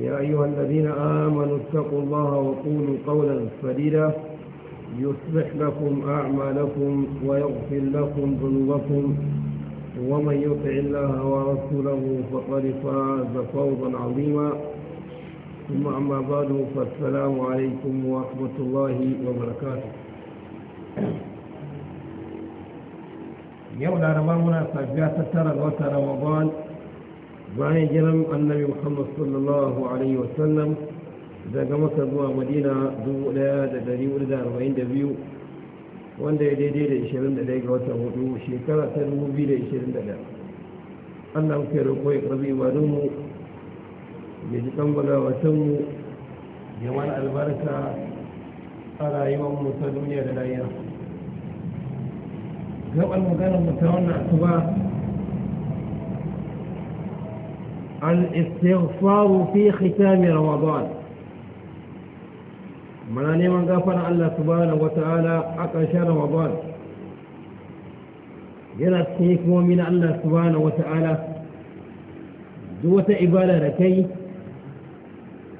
يا أيها الذين آمنوا اتقوا الله وقولوا قولا سديدا يصلح لكم أعمالكم ويغفر لكم ذنوبكم ومن يطع الله ورسوله فقد فاز فوضا عظيما ثم أما بعد فالسلام عليكم ورحمة الله وبركاته يوم الأربعاء منا تجاه ترى رمضان bayan jiran annabi muhammad sallallahu alaihi wasallam daga masa zuwa madina 1442 wanda ya daidai da 21 ga watan hudu shekara ta 2021 allah muke roƙo ya karbi ibadunmu ya ji kammala watanmu ya mana albarka a rayuwarmu ta duniya da lahira gaban maganar mu ta wannan asuba الاستغفار في ختام رمضان mana neman gafara Allah subhanahu wata'ala a ƙarshen Ramadan yana cikin hikimomi na Allah subhanahu wata'ala duk wata ibada da kai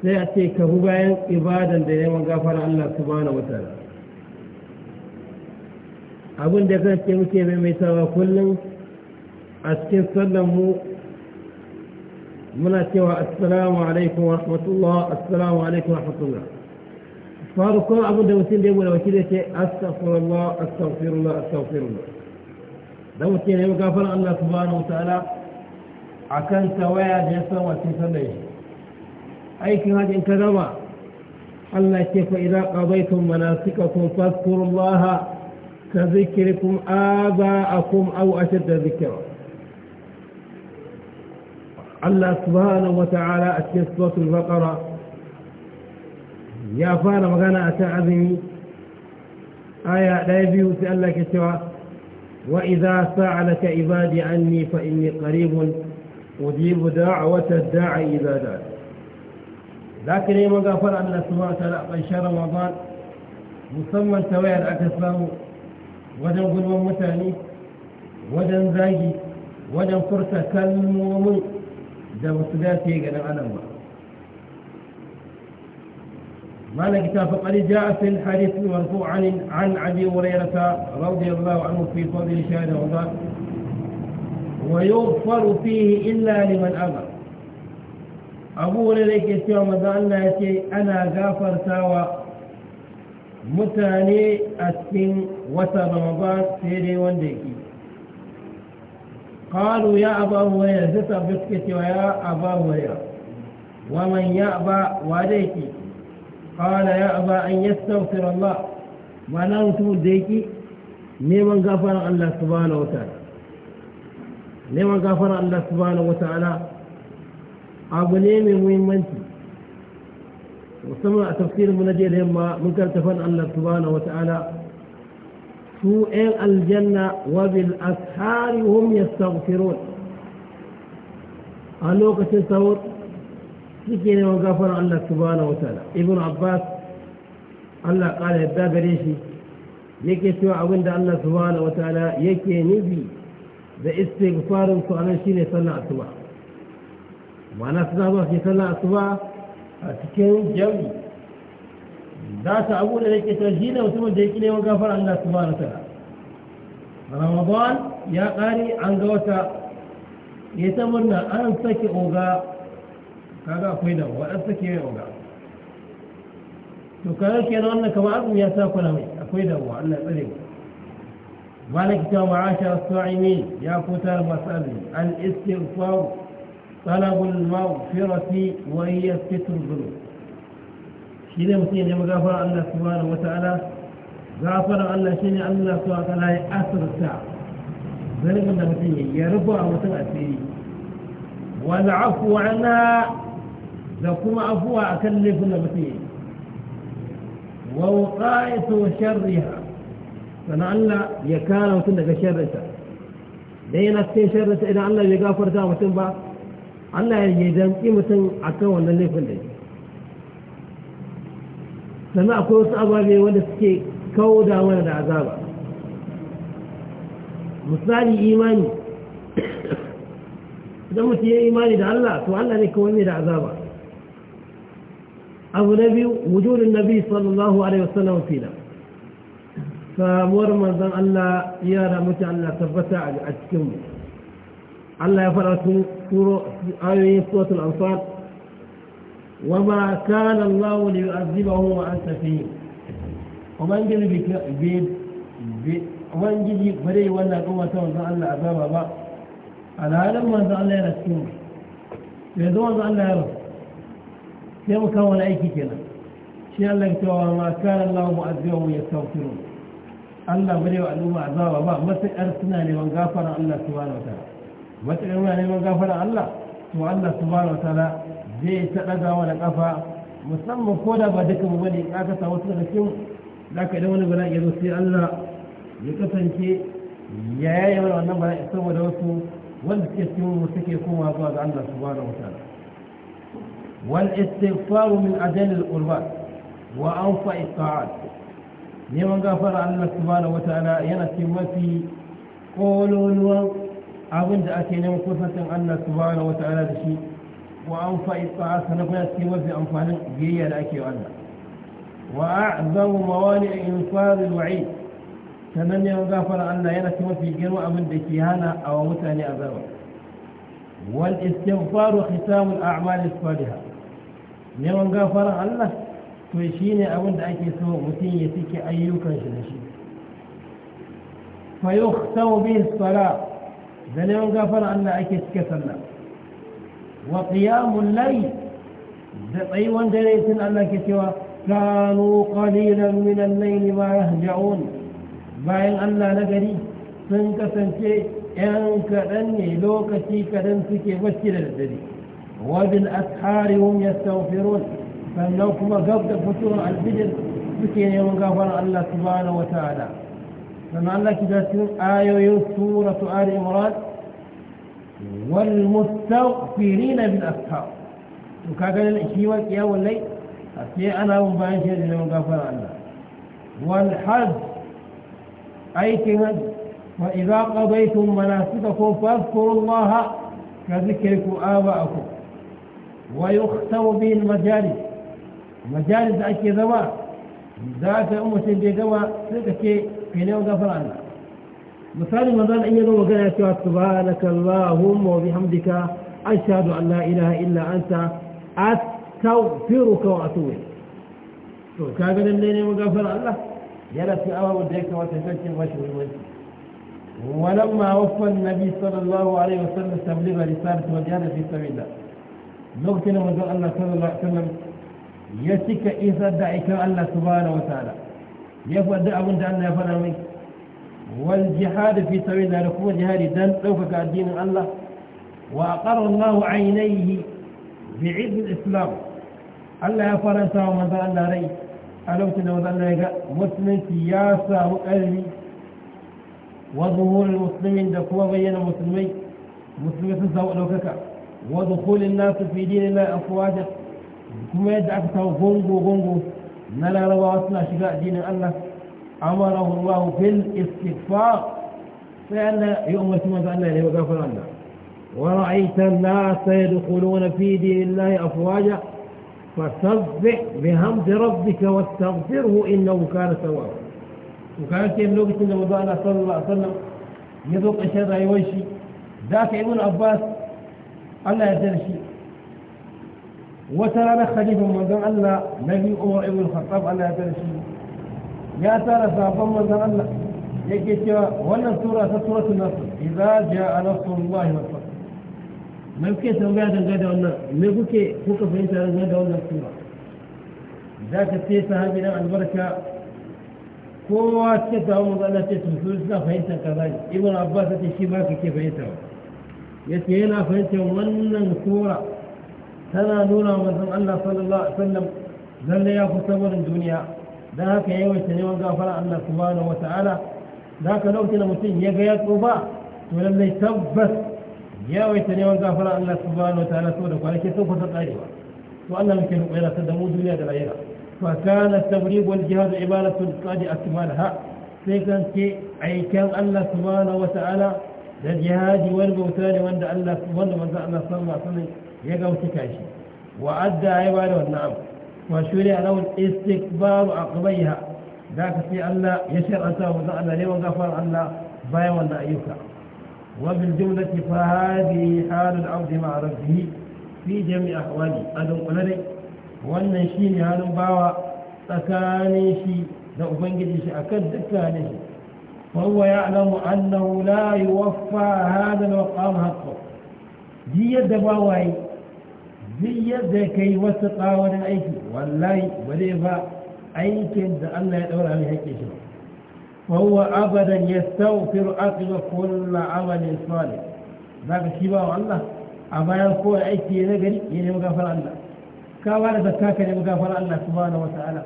sai a ce ka bi bayan ibadan da neman gafara Allah subhanahu wata'ala abin da kan ce muke maimaitawa kullum a cikin sallan mu ملاكوا السلام عليكم ورحمة الله السلام عليكم ورحمة الله فاروق أبو دوسين دي ولا شيء أستغفر الله أستغفر الله أستغفر الله دوسين يبقى فرع الله سبحانه وتعالى أكن سوايا جيسا وتسليه أي كان هذا الكلام الله كيف إذا قضيتم مناسككم فاذكروا الله كذكركم آباءكم أو أشد ذكرا الله سبحانه وتعالى أتي صوت البقرة يا فانا مغانا أتعذمي آية لا يبيه سألك سوى وإذا سألك عبادي عني فإني قريب أجيب دعوة الداعي إذا دعت لكن يوم غفر أن سواء تلقى شهر رمضان مسمى سويا الأكسام ودن ظلم متاني ودن زاجي ودن فرصة كلم ومن إذا ba su dace ga ɗan adam ba جاء في الحديث المرفوع عن عن ابي هريره رضي الله عنه في فضل شهر رمضان ويغفر فيه الا لمن أمر ابو هريره يسوع ماذا الله يتي انا غافر ساوى متاني اسكن وتر رمضان سيري وندكي قالوا يا أبا هريرة زفا بسكتي ويا أبا هريرة ومن يأبى وعليك قال يا أبا أن يستغفر الله وانا نتمو ديكي neman gafaran Allah subhanahu wata'ala neman gafaran Allah subhanahu wata'ala abu ne mai muhimmanci musamman a tafsirin mu na jiya da yamma mun karta fan Allah subhanahu wata'ala سوء الجنة وبالأسحار هم يستغفرون قالوا كتصور لكن يوقفون الله سبحانه وتعالى ابن عباس الله قال يبدأ بريشي يكي سوء عند الله سبحانه وتعالى يكي نبي باستغفار سؤال الشيء صلى الله عليه وسلم وانا سنعبه في صلى الله عليه وسلم أتكلم جميل za ta abu da yake ta shi ne mutumin da ya ƙi neman gafara Allah su ba na tara ramadan ya ƙare an ga wata ya ta murna an sake oga kaga akwai da waɗan sake mai oga to kaga ke da wannan kama azumi ya sa kwana mai akwai da wa Allah tsare mu مالك معاشر الصائمين يا كتار مسألة الاستغفار طلب المغفرة وهي ستر الذنوب shi ne mutum ya nemi gafara Allah subhanahu wata'ala gafara Allah shi ne Allah subhanahu wata'ala ya asirta zanibin da mutum ya rufa a mutum asiri wal afu anha da kuma afuwa akan laifin da mutum ya wa waqaitu sharriha sannan Allah ya kare mutum daga sharrinta dan yana cikin sharrinta idan Allah bai gafarta mutum ba Allah ya danki mutum akan wannan laifin da yake sannan akwai wasu ababe wanda suke kawo da mana da azaba misali imani idan mutum ya imani da Allah to Allah ne kawai mai da azaba abu na biyu wujudin nabi sallallahu alaihi wasallam fina samuwar manzon Allah ya da mutu Allah tabbata a cikinmu Allah ya fara sun turo ayoyin suratul anfal وما كان الله ليعذبه وأنت فيه وما جل بك بيد ومن جل بري ولا قوة وضع الله عذابه با على هذا ما وضع الله يرسكين يدو وضع الله يرسك في مكون أي كتنا شيء الله يتوى وما كان الله مؤذبه يستغفرون الله بري وعلوم عذابه با ما تأرسنا لمن غفر الله سبحانه وتعالى ما تأرسنا لمن غفر الله سبحانه وتعالى zai ta ɗaga mana ƙafa musamman ko da ba duka mu bane ka kasa wasu daga cikin da ka idan wani bala ya zo sai Allah ya kasance ya yaye mana wannan bala saboda wasu wanda suke cikin mu suke komawa zuwa ga Allah subhanahu wataala wal istighfar min ajal al qurbat wa anfa iqaat neman gafara Allah subhanahu wataala yana cikin mafi kololuwan abin da ake neman kusancin Allah subhanahu wataala da shi وأوفى إطاعات نبلاتي وفي أنفال جيئة لأكي وأنا وأعظم موانع إنفاذ الوعيد تمني وغافر أن ينك وفي جنوة من بكيهانا أو متاني أبدا والاستغفار ختام الأعمال الصالحة نيوان غافر الله تشيني أبن دعكي سوء متين يتيك أيوكا شنشي فيختم به الصلاة ذا نيوان غافر الله أكي تكسر وقيام الليل بطي وانجليت أنك كتوى كانوا قليلا من الليل ما يهجعون باين الله نقري سنك سنكي انك اني لوك سيك دنسك بشر للدري وبالأسحار هم يستغفرون فانوكما قبض على الفجر بكين يوم غفر الله سبحانه وتعالى فما الله كتاب آية سورة آل إمران wal mustaghfirina bil asfar to kaga shi wa qiyamul layl sai ana mun bayan shi da mun gafara Allah wal hajj aikin hajj fa idza qadaytum manasikakum fadhkurullaha ka zikrikum aba'akum wa yukhtamu bil majalis majalis da ake zama za ka ummatin da gama sai ka ce kai ne gafara Allah مثال ما ذال أيضا وقال سبحانك اللهم وبحمدك أشهد أن لا إله إلا أنت أستغفرك وأتوب كذا الليل وقفل الله جلس في أول وديك وتشكل وشوي وشوي ولما وفى النبي صلى الله عليه وسلم تبليغ رسالة وديانة في سبيل الله نقتل وقال الله صلى الله عليه وسلم يسك إذا دعك الله سبحانه وتعالى يفوى دعوة أن يفعل منك والجهاد في سبيل الله لكم جهاد دان سوفك الدين الله وأقر الله عينيه بعيد الإسلام الله فرنسا ومن ذا الله ري ألوتنا وذا الله مسلم سياسة وقلبي وظهور المسلمين دكوا بين المسلمين مسلمين سوء لوكك ودخول الناس في دين الله أفواجا كما يدعك سوء غنغو غنغو نلا روا أصلا شقاء دين الله أمره الله في الاستغفار فأنا يوم سمعت أن إليه وغفر عنه ورأيت الناس يدخلون في دين الله أفواجا فسبح بحمد ربك واستغفره إنه كان توابا وكان كيف لوقت إن وضعنا صلى الله عليه وسلم يذوق الشيطان يوشي ذاك ابن عباس الله يدرشي وترانا خليفة من الله نبي عمر ابن الخطاب الله شيء يا ترى فهم مثلا يكي تيوا ولا سورة سورة النصر إذا جاء نصر الله والفتح نعم ما يمكن أن تنبيه هذا الغادة والنا ما يمكن أن تنبيه هذا الغادة والنا الغادة والنا السورة إذا كتيسة هذه البركة هو أسكت أم الله تسمى سلسلة فإنت كذلك إبن عباسة الشباك كيف يتوى يتينا فإنت ومن سورة سنة نورة مثلا الله صلى الله عليه وسلم ذل يا فتور الدنيا don haka yawaita neman gafara Allah subhanahu wata'ala da haka lokacin da mutum ya ga ya tsufa to lallai tabbas yawaita neman gafara Allah subhanahu wata'ala saboda kwanaki sun kusa tsarewa to Allah muke roƙo yana da mu duniya da lahira fa kana tabriq wal jihad ibaratun qad akmalaha sai kan ce aikan Allah subhanahu wata'ala da jihadi wani bauta ne wanda Allah wanda manzo Allah sallallahu alaihi wasallam ya ga wuce kashi wa adda ibada wannan abu وشريع له الاستكبار عقبيها ذاك في الله يشرع له ذعنا لي وغفر الله باي ولا أيوك وبالجملة فهذه حال الأرض مع ربه في جميع احواله أحوالي أدو قلري والنشين هذا باوى تكانيشي لو بنجدش أكد تكانيشي فهو يعلم أنه لا يوفى هذا المقام حقه دي يد باوى duk yadda ka yi wasu tsawonin aiki wallahi ba zai ba aikin da Allah ya ɗaura mai haƙƙe shi ba wa abadan ya staufiru aqiba kullu amalin salih zaka shi ba wa Allah a bayan kowane aiki ya nagari ya nemi gafara Allah ka ba da zakka ka nemi gafara Allah subhanahu wata'ala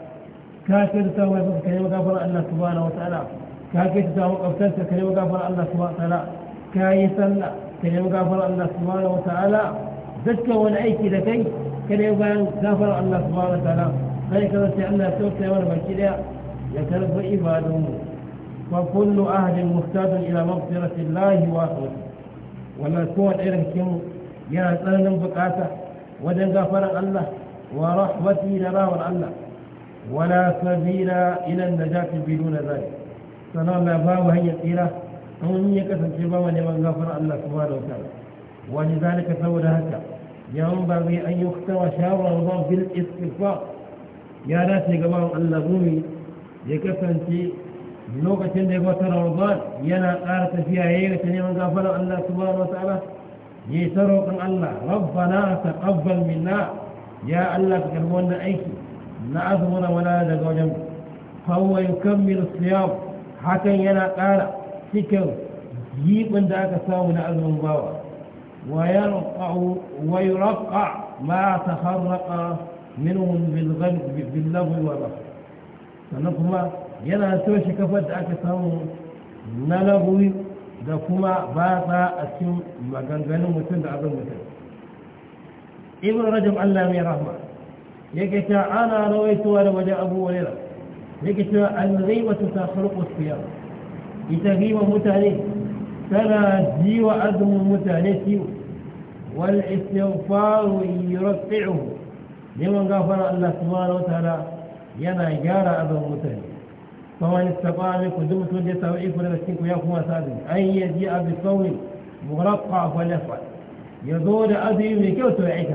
ka kirta wa ka nemi gafara Allah subhanahu wata'ala ka kirta wa kaftarka ka nemi gafara Allah subhanahu wata'ala ka yi sallah ka nemi gafara Allah subhanahu wata'ala ذكى ولا أي كذا كان يبان كفر الله سبحانه وتعالى قال كذا سألنا سوف سيوانا ما كذا يكرف إبادهم فكل أهل مختاد إلى مغفرة الله وأخوته ولا كون إله كم يا سلام بقاسة ودن غفر الله ورحمتي لنا والله ولا سبيل إلى النجاة بدون ذلك سلام يا باب هي الإله ومن يكسب شبابا لمن غفر الله سبحانه وتعالى ولذلك فهو هكا ينبغي أن يختار شاور الله بالاستفاق يا ناس يقبعوا ألا قومي يكفن في نوكة تندي رمضان الله ينا قالت فيها هيئة تنين من قفل ألا سبحانه وتعالى يسرق الله ربنا تقبل منا يا ألا تكرمونا أيك نعظمنا ولا ندق وجمك فهو يكمل الصيام حتى ينا قارت سكو جيب من ذاك ساونا أذن مباوك ويرقع ويرقع ما تخرق منهم بالغلب باللغ والرفع فنقوم ينا توش كفت أكثر نلغوي دفما باطا أسيم مغنغن متند عظم متند ابن رجب الله رحمة يكتا أنا رويت وانا وجاء أبو وليلة يكتا الغيبة تخرق الصيام. يتغيب متعليم فلا ji wa المتانس والاستغفار يرفعه لمن غفر الله سبحانه وتعالى ينا جار wa المتانس yana gyara azumin mutane فمن استطاع منكم دم سوجة توعيف ولا تسينكم يا كما سادن أن يجيء بالصوم مرقع فليفعل يدور أدري من كيف توعيك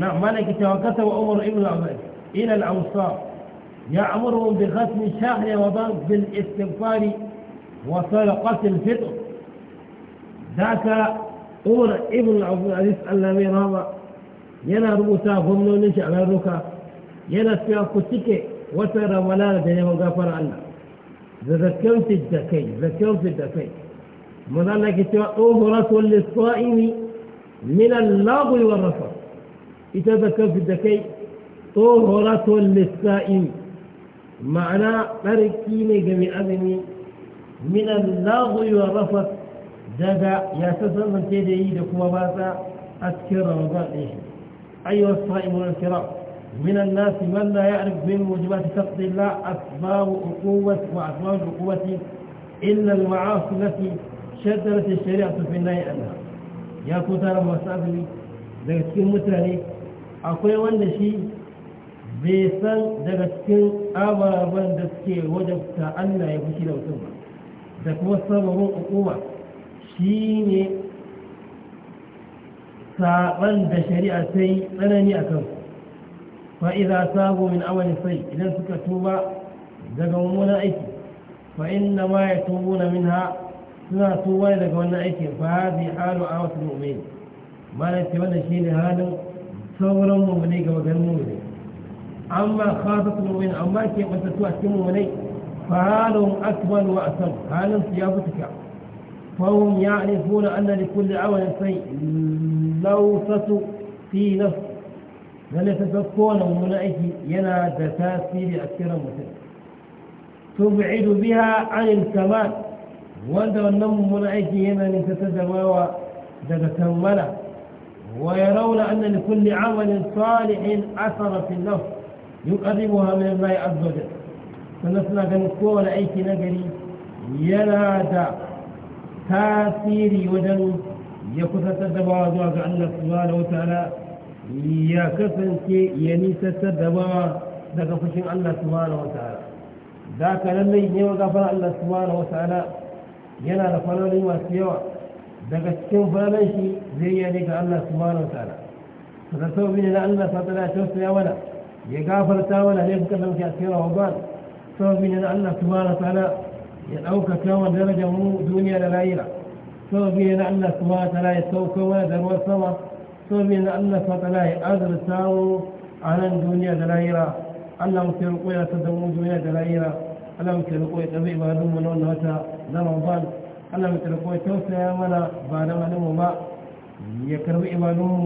وملك توكته وأمر ابن العباس إلى الأمصار يأمرهم بختم شهر رمضان بالاستغفار وصدقة الفطر ذات أور ابن عبد العزيز اللامي راما ينا روسا فمنو نشع لروكا ينا سيا كتك وصدر ملانا دنيا مغافر الله ذذكو في الدكي ذذكو في الدكي مدانا كتوا أوهرة الصائم من اللاغ والرفض يتذكر في الدكي طهرة الصائم معنى أركيني جميع أذني من الناضي ورفض دادا يا سلام تيدي لك باسا أذكر رمضان إيش أيها الصائمون الكرام من الناس من لا يعرف من موجبات فقد الله أسباب القوة وأسباب القوة إلا المعاصي التي شدرت الشريعة في النهي عنها يا كتار مسافري دكتكم مترني أقول وأن شيء بيسان دكتكم أبا أبا دكتكم وجبت أن لا يبشي لو da kuma sabarin hukuma shi ne saɓan da shari'a sai tsanani a kansu fa'iza sabo min amali sai idan suka tuba daga mummunan aiki fa'in na ma ya tubo na min ha suna tuba daga wannan aiki ba haɗi halu a wasu mummuni mana ce wanda shi ne halin sauran mummuni ga maganin mummuni amma khasatu mummuni amma ke ɓantattu a cikin mummuni فهالهم أكبر وأسم هالهم ثيابتك فهم يعرفون أن لكل عمل شيء ستوا في نفس لن تتكون منعك ينا تتاثير أكثر مثل تبعد بها عن الكمال وأنت والنم منعك ينا لتتدواوى تتكمل ويرون أن لكل عمل صالح أثر في النفس يقربها من الله عز وجل سنفنا كان كل أي شيء نجري ينادى تاثيري ودن يكثر تدبع وزوج عن الله سبحانه وتعالى يا كفن كي ينيس تدبع ذاك فشن الله سبحانه وتعالى ذاك لما يجي وقفل الله سبحانه وتعالى ينا لفلان ما سوى ذاك شن فلان شيء زي ذلك الله سبحانه وتعالى فتصور بين الله سبحانه وتعالى شو سوى ولا يقفل تاولا ليه بكلم كي أسيره وقال سببين أن الله سبحانه وتعالى يلعوك كما درجة من دنيا للايلة سببين أن الله سبحانه وتعالى يتوك ودر والسمر سببين أن الله سبحانه وتعالى أدر ساو على الدنيا للايلة اللهم سيرقوا يا سدهم دنيا للايلة اللهم سيرقوا يا تبيب هدوم من أنه تا لمنظل اللهم سيرقوا يا توسى يا منا بعد ما نمو يكرب إيمانهم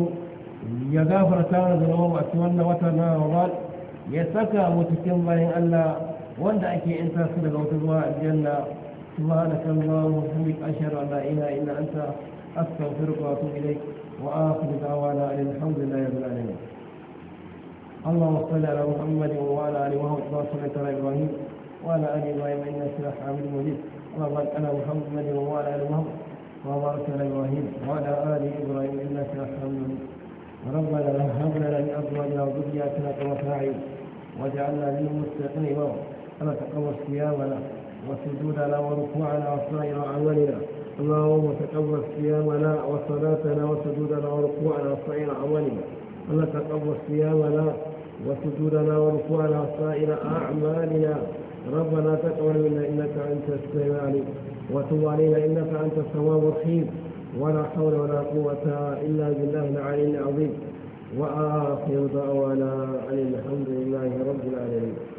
يغافر تعالى ذنوب أتوانا وتنا وغال يسكى متكمل أن الله wanda ake yanta su daga wata zuwa aljanna subhanaka allahumma wa bihamdika ashhadu an la ilaha illa anta astaghfiruka wa atubu ilayk wa akhiru da'wana alhamdulillahi rabbil alamin اللهم صل على محمد وعلى ال محمد كما على ابراهيم وعلى ال ابراهيم انك حميد مجيد اللهم بارك على محمد وعلى ال محمد وبارك على ابراهيم وعلى ال ابراهيم انك حميد مجيد ربنا هب لنا من ازواجنا وذرياتنا قرة اعين واجعلنا للمتقين اماما وتقبل صيامنا وسجودنا وركوعنا وسائر أعمالنا اللهم تقبل صيامنا وصلاتنا وسجودنا وركوعنا وسائر أعمالنا اللهم تقبل صيامنا وسجودنا وركوعنا وسائر أعمالنا ربنا تقبل منا إنك أنت السميع العليم وتب علينا إنك أنت الثواب الرحيم ولا حول ولا قوة إلا بالله العلي العظيم وآخر دعوانا أن الحمد لله رب العالمين